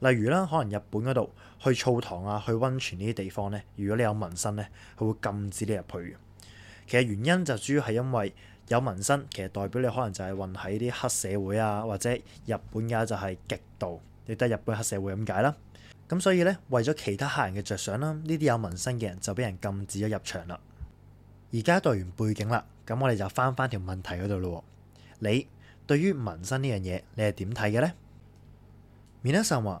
例如啦，可能日本嗰度去澡堂啊、去溫泉呢啲地方咧，如果你有紋身咧，佢會禁止你入去嘅。其實原因就主要係因為有紋身，其實代表你可能就係混喺啲黑社會啊，或者日本嘅就係極道。你得日本黑社會咁解啦。咁所以咧，為咗其他客人嘅着想啦，呢啲有紋身嘅人就俾人禁止咗入場啦。而家代完背景啦，咁我哋就翻翻條問題嗰度咯。你對於紋身呢樣嘢，你係點睇嘅咧 m i c h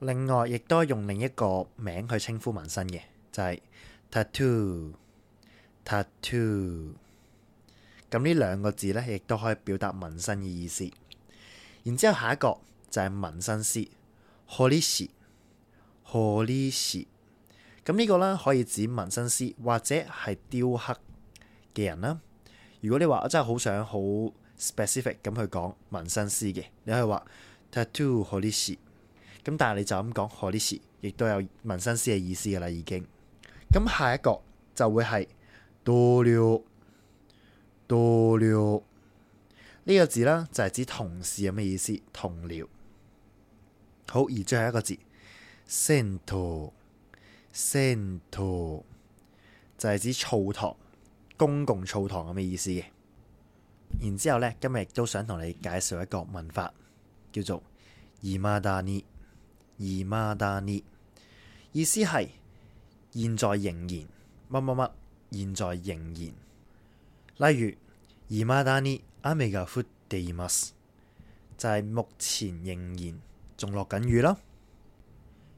另外，亦都用另一個名去稱呼紋身嘅，就係、是、tattoo，tattoo tat。咁呢兩個字咧，亦都可以表達紋身嘅意思。然之後，下一個就係紋身師 horishi，horishi。咁呢個咧可以指紋身師或者係雕刻嘅人啦。如果你話我真係好想好 specific 咁去講紋身師嘅，你可以話 tattoo horishi。咁但係你就咁講，彫り師亦都有紋身師嘅意思嘅啦，已經。咁下一個就會係 dole dole 呢個字呢，就係、是、指同事有咩意思？同僚好，而最後一個字銭湯銭湯就係、是、指澡堂，公共澡堂咁嘅意思嘅。然之後呢，今日亦都想同你介紹一個文法，叫做姨媽達尼未だに，意思係現在仍然乜乜乜，現在仍然。例如未だに雨が降っている，就係目前仍然仲落緊雨啦。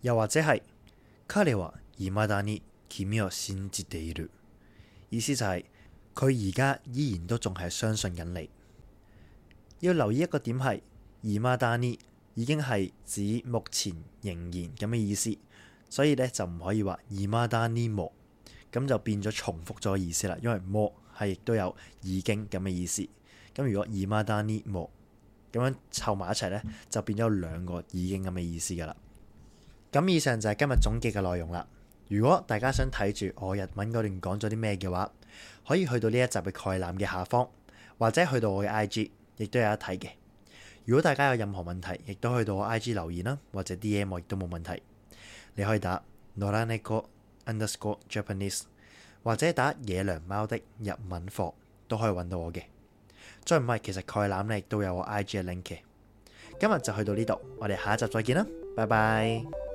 又或者係彼は未だに君を信じている，意思就係佢而家依然都仲係相信緊你。要留意一個點係未だに。已經係指目前仍然咁嘅意思，所以咧就唔可以話いまだにも，咁就變咗重複咗意思啦。因為も係亦都有已經咁嘅意思，咁如果いまだにも咁樣湊埋一齊咧，就變咗兩個已經咁嘅意思噶啦。咁以上就係今日總結嘅內容啦。如果大家想睇住我日文嗰段講咗啲咩嘅話，可以去到呢一集嘅概覽嘅下方，或者去到我嘅 IG，亦都有得睇嘅。如果大家有任何問題，亦都去到我 IG 留言啦，或者 DM 我亦都冇問題。你可以打 noreneko underscore japanese，或者打野良貓的日文課都可以揾到我嘅。再唔係，其實概覽呢都有我 IG 嘅 link 嘅。今日就去到呢度，我哋下一集再見啦，拜拜。